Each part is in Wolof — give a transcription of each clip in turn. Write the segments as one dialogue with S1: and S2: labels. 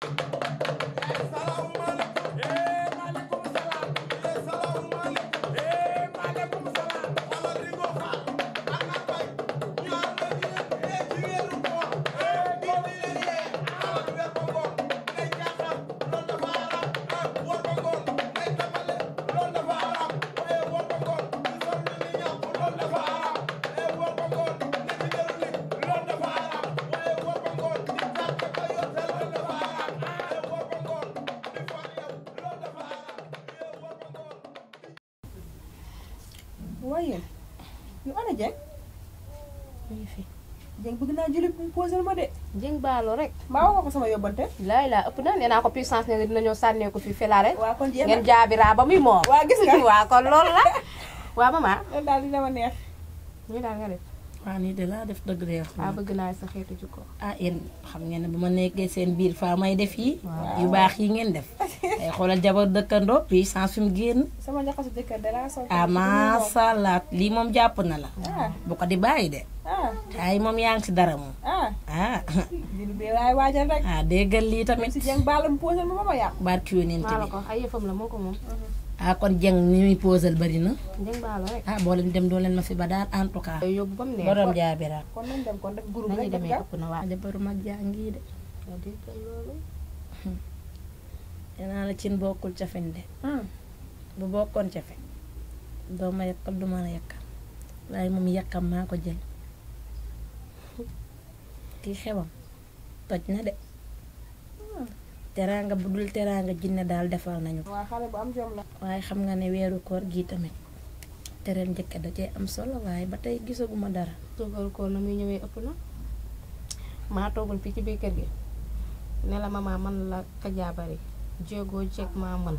S1: Thank you waaye yu ana Dieng. mi ngi fi. Dieng bëgg naa jëli posé ma de. Dieng baalo rek. mbaa woo ko sama yóbbante. laay laa ëpp na nee naa ko puissance nee na ñëw sànnee ko fii felaare. waa kon ngeen jaabiraa ba muy moom. waa gis nga waa kon loolu la. waa maman. loolu daal dina ma neex. ñu daal nga def. Fanny de la def deug de ah beug na sa ci ko ah en xam ngeen ne bu ma nekkee seen biir faa may def yi yu bax yi ngeen def ay xolal jabar dekkando bi sans fim génn sama jaxasu dekk de la sol ah ma salat li mom japp na la ah. Ah, bu ko di baye de ay ah. moom yaa ngi si dara moom ah be way wajal rek ah degal li tamit ci jeng balam poosal mo ma yàq barki wonen tamit ay fam la moko mom mhm. ah kon Dieng ni muy posal bëri na. Dieng baalo ah boo leen dem doo leen ma fi ba daal en tout cas. yóbbu ba mu neex borom jaabiraat. kon demee ëpp na waaw. jabaru mag jaa ngi de. danaa la cin bokkul cafin de. Hmm. bu bokkoon cafin. doo ma yàqal la yàqal waaye moom yàqam maa ko jël kii xewam toj na de. teranga budul teranga teraanga jinne daal defal nañu la waaye xam nga ne wéru koor gi tamit terem njëkk da ci am solo waaye ba tey gisaguma dara togal ko na muy ñëwé ëpp na maa toogal fii ci bi kër gi ne la mama man la kajaabari jéegoo jeeg maa mën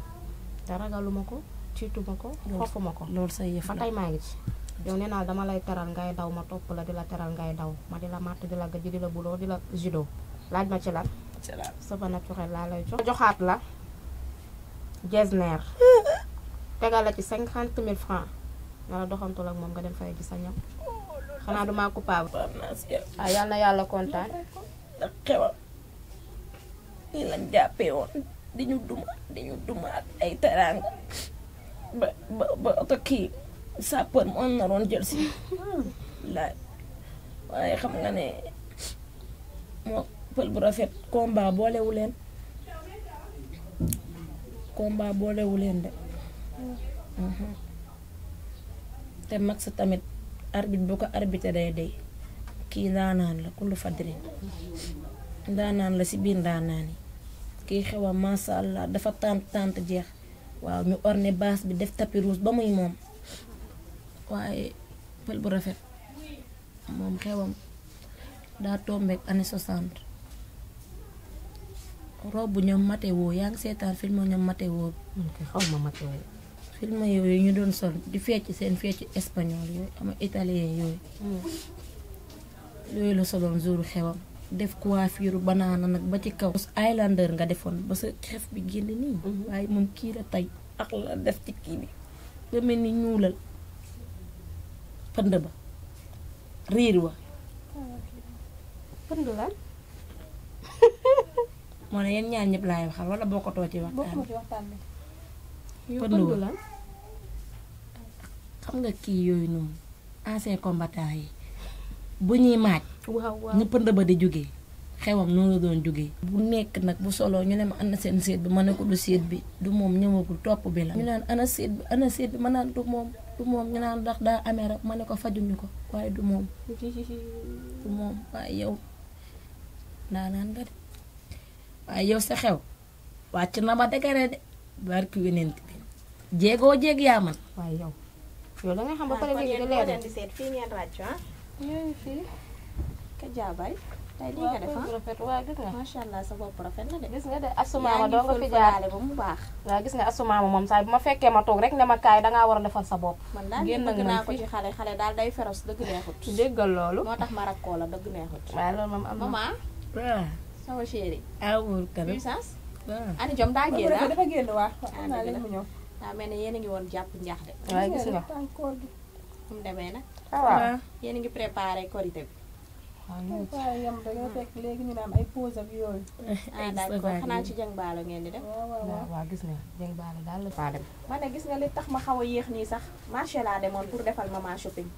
S1: te ragaluma ko tiituma ko xofuma ko lool sa yef tay ma ngi ci yow nee dama lay teral ngay daw ma topp la di la teral ngay daw ma di la màtt di la gëj di la buloo di la judo laaj ma ci lan naturel sava naturel laa lay jox joxaat la gesner tegal la ci cinquante mille francs nga la doxantul ak moom nga dem fay ji sa ñam oh, xanaa duma coupable ah na yàlla kontaan ndax xewal lii lañ jàppee di ñu duma di ñu dumaat ay terang, ba ba ba oto kii mon moo naroon jël si laaj waaye xam nga ne mo pël bu rafet komba boolewu leen combat boolewu leen de mhm. te mag sa tamit arbitre bu ko arbitre day day kii ndaanaan la kullu fadrin ndaanaan la si biir ndaanaan yi kii xewa masha Allah dafa tànt tànt jeex waaw ñu orne baas bi def tapis rouge ba muy moom waaye pël bu rafet moom xewam daa tombeek année soixante robu ya, ñoom matéwo yaa ngi sétan film ñoom matéwo xaw ma wo film yooyu ñu doon sol di fecc seen fecc espagnol yooyu ya. am italien yooyu ya, hmm. yooyu la soloon jour xewam def coiffure banana nak ba ci kaw islander nga defon ba sa xef bi genn ni way hmm. mom ki la tay ak la def ci ki bi ba melni rirua, ñuulal pënd ba rir wa pënd la moo ne yéen ñaar ñëpp laay waxal wala bokkatoo ci waxtaan bi waxtaan bi. pënd la xam nga kii yooyu noonu ancien combattant yi bu ñuy maaj. waaw waaw pënd ba di jóge xewam noonu la doon jógee. bu nekk nag bu solo ñu ne ma na seen seet bi ma ne ko du seet bi du moom ñëwagul topp bi la. ñu naan ana seet bi ana seet bi ma naan du moom du moom ñu naan ndax daa amee rab ma ne ko fajuñu ko waaye du moom. du moom waaye yow daa naan nga de. waaye yow sa xew wàcc na ma dëgëre de barki weneen bi jéegoo jéeg yaa man. waaye yow yow da nga xam ba pare léegi da leen di seet fii ngeen ràcc ah. ñooñu fii ka jaabay. tey lii nga def ah waaw gis nga macha allah sa bopp rafet na de. gis nga de asumaama doo nga fi jaale ba mu baax. waaw gis nga asumaama moom saa bu ma fekkee ma toog rek ne ma kaay dangaa war a defal sa bopp. man daal bëgg naa ko ci xale xale daal day feros dëgg neexut. déggal loolu. moo tax ma rakkoo la dëgg neexut. waaye loolu moom am na maman. sawa chéri awul kana puissance ana jom da gën da dafa gën wa ana li mu ñew da melni yeen ngi won japp ñax de way gis nga ah. encore gi mu démé nak waaw yeen ngi préparer korité ah, hmm. bi waaw yam da nga fekk léegi ñu naan ay pause ak yooyu ah d'accord xanaa ci jëng baalo ngeen di def waaw waaw gis nga jëng baalo daal la faa dem ma ne gis nga li tax ma xaw a yéex nii sax marché laa demoon pour defal mama shopping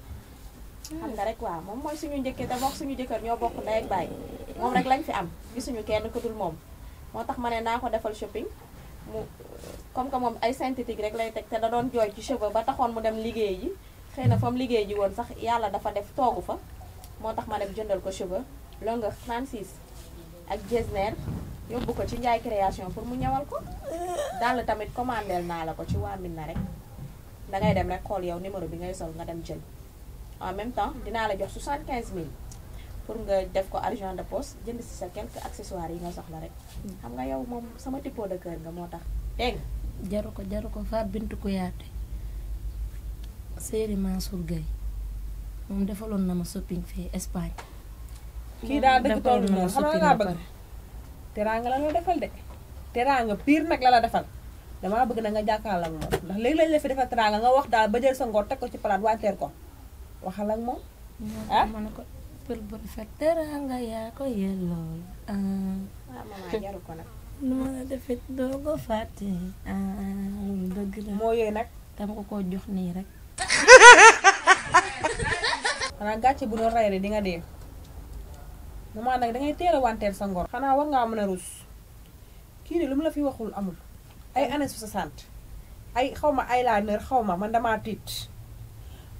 S1: xam nga rek waaw moom mooy suñu njëkkee te bokk suñu jëkkër ñoo bokk ndey ak bàyyi moom rek lañ fi am gisuñu kenn ku moom moo tax ma ne naa ko defal shopping mu comme que moom ay synthétique rek lay teg te da doon jooy ci cheveux ba taxoon mu dem liggéey ji xëy na fa mu liggéey ji woon sax yàlla dafa def toogu fa moo tax ma dem jëndal ko cheveux longueur 36 ak Getzner yóbbu ko ci Njaay création pour mu ñëwal ko dal tamit commandeel naa la ko ci waa Mina rek dangay dem rek xool yow numéro bi ngay sol nga dem jël en même temps dinaa la jox 75000. pour nga def ko argent de poche jënd si sa quelques accessoires yi nga soxla rek. xam nga yow moom sama typo de cœur nga moo tax dégg nga. jaru ko jaru ko Fatou Bintou Kouyaté Serigne Mansour Gueye moom defaloon na ma shopping fii Espagne. kii daa dëgg toolu noonu xam nga laa bëgg. teraanga la la defal de. teraanga piir nag la la defal. damaa bëgg na nga jàkkaarloo ak moom ndax léegi lañ la fi defal teraanga nga wax daal ba jël sa ngor teg ko ci palaat wanteer ko waxal ah? Billboard Veteran Gaya ko yellow ah mama defet doo ko fàtte ah dëgg la moo yooyu ya, nag dama ko koo jox nii rek xanaa gàcce bu doon rey di nga dee maman nag dangay teel a wanteer sa ngor xanaa war ngaa mën a rus kii de lu mu la fi waxul amul ay années soixante ay xaw ma ay laa nër xaw ma man damaa tiit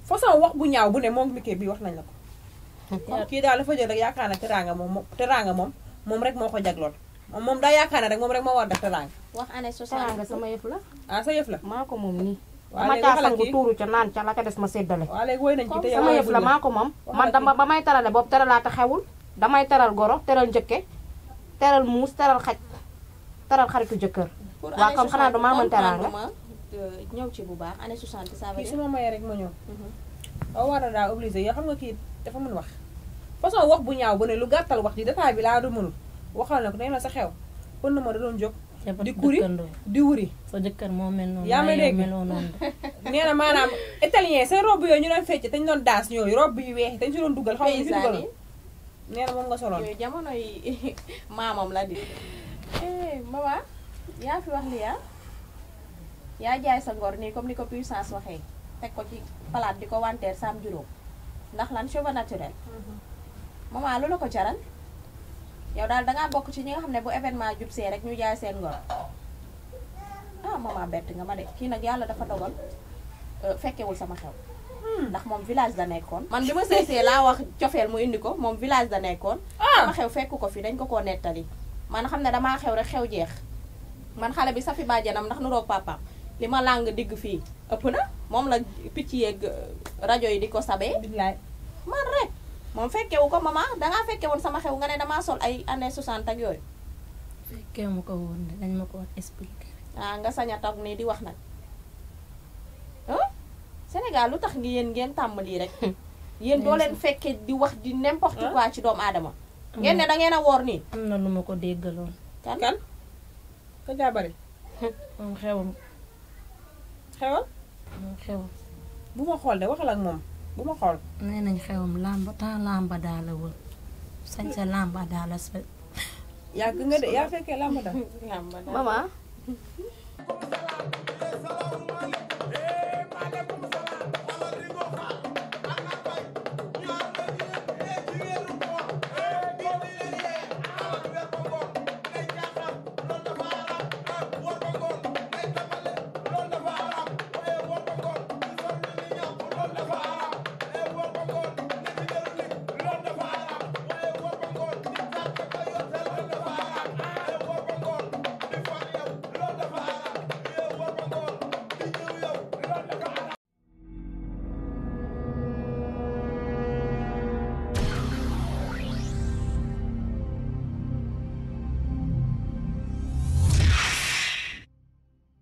S1: façon wax bu ñaaw bu ne moom mi kii bi wax nañ la ko kon kii daal dafa jël rek yaakaar na teraanga moom teraanga moom moom rek moo ko jagloon moom daa yaakaar na rek moom rek moo war def teraanga wax année teraanga sama yëf la ah sa la maa ko moom ma caa ca naan ca des ma séddale waaw léegi woy nañ ci te man dama ba may terale boobu teralaata xewul damay teral goro teral njëkke teral muus teral xaj teral xaritu jëkkër waaw comme xanaa damaa mën teraanga euh, ñëw ci bu baax année 60 ça va kii sama maye rek ma ñëw. Mhm. oo oh, war na daa obligé yoo dafa mën wax façon wax bu ñaaw ba ne lu gàttal wax di détail bi laa du mënul waxal na ko dañ la sa xew kon na ma da doon jóg di kuri di wuri sa jëkkër moo mel noonu yaa ma dégg nee na maanaam italien seen robe yooyu ñu doon fecc dañ doon daas ñooyu robe yu weex dañ si doon dugal xaw ma fi moom nga soloon yooyu jamono yi maamam la di eh, mama yaa fi wax li yaa ah? yaa jaay sa ngor nii comme ni ko puissance waxee teg ko ci palaat di ko wanteer saam ndax lan cheveux naturel mm-hmm. maman lu la ko jaral yow daal dangaa bokk ci ñi nga xam ne bu événement jub see rek ñu jaay seen ngor ah maman bett nga ma de kii nag yàlla dafa dogal euh, fekkewul sama xew hmm. ndax moom village da nekkoon man bi ma seesee laa wax cofeel mu indi ko moom village da nekkoon ah! sama xew fekk ko fi dañ ko koo nettali man xam ne damaa xew rek xew jeex man xale bi safi bàjjanam ndax nu roog papaam lima lang dig fi ëpp na moom la picc yeeg rajo yi di ko sabee man rek moom wu ko mama da nga fekke woon sama xew nga ne dama sol ay année 60 ak yooyu fekkee mu ko woon dañ ma ko woon expliqué ah nga saña tok toog di wax nak nag Sénégal lu tax ngi yeen ngeen tambali rek yeen do leen fekkee di wax di n'importe quoi ci doom adama ngeen ne da ngeen a woor nii am na lu ma ko déggaloon kan kan ka jabaré moom xewam xewal. xewal. bu ma xool de waxal ak moom bu ma xool. nee nañ xewam làmb temps làmba daal la wër sañ sa làmba daal la sa. yàgg nga de yaa fekkee làmba daal. làmba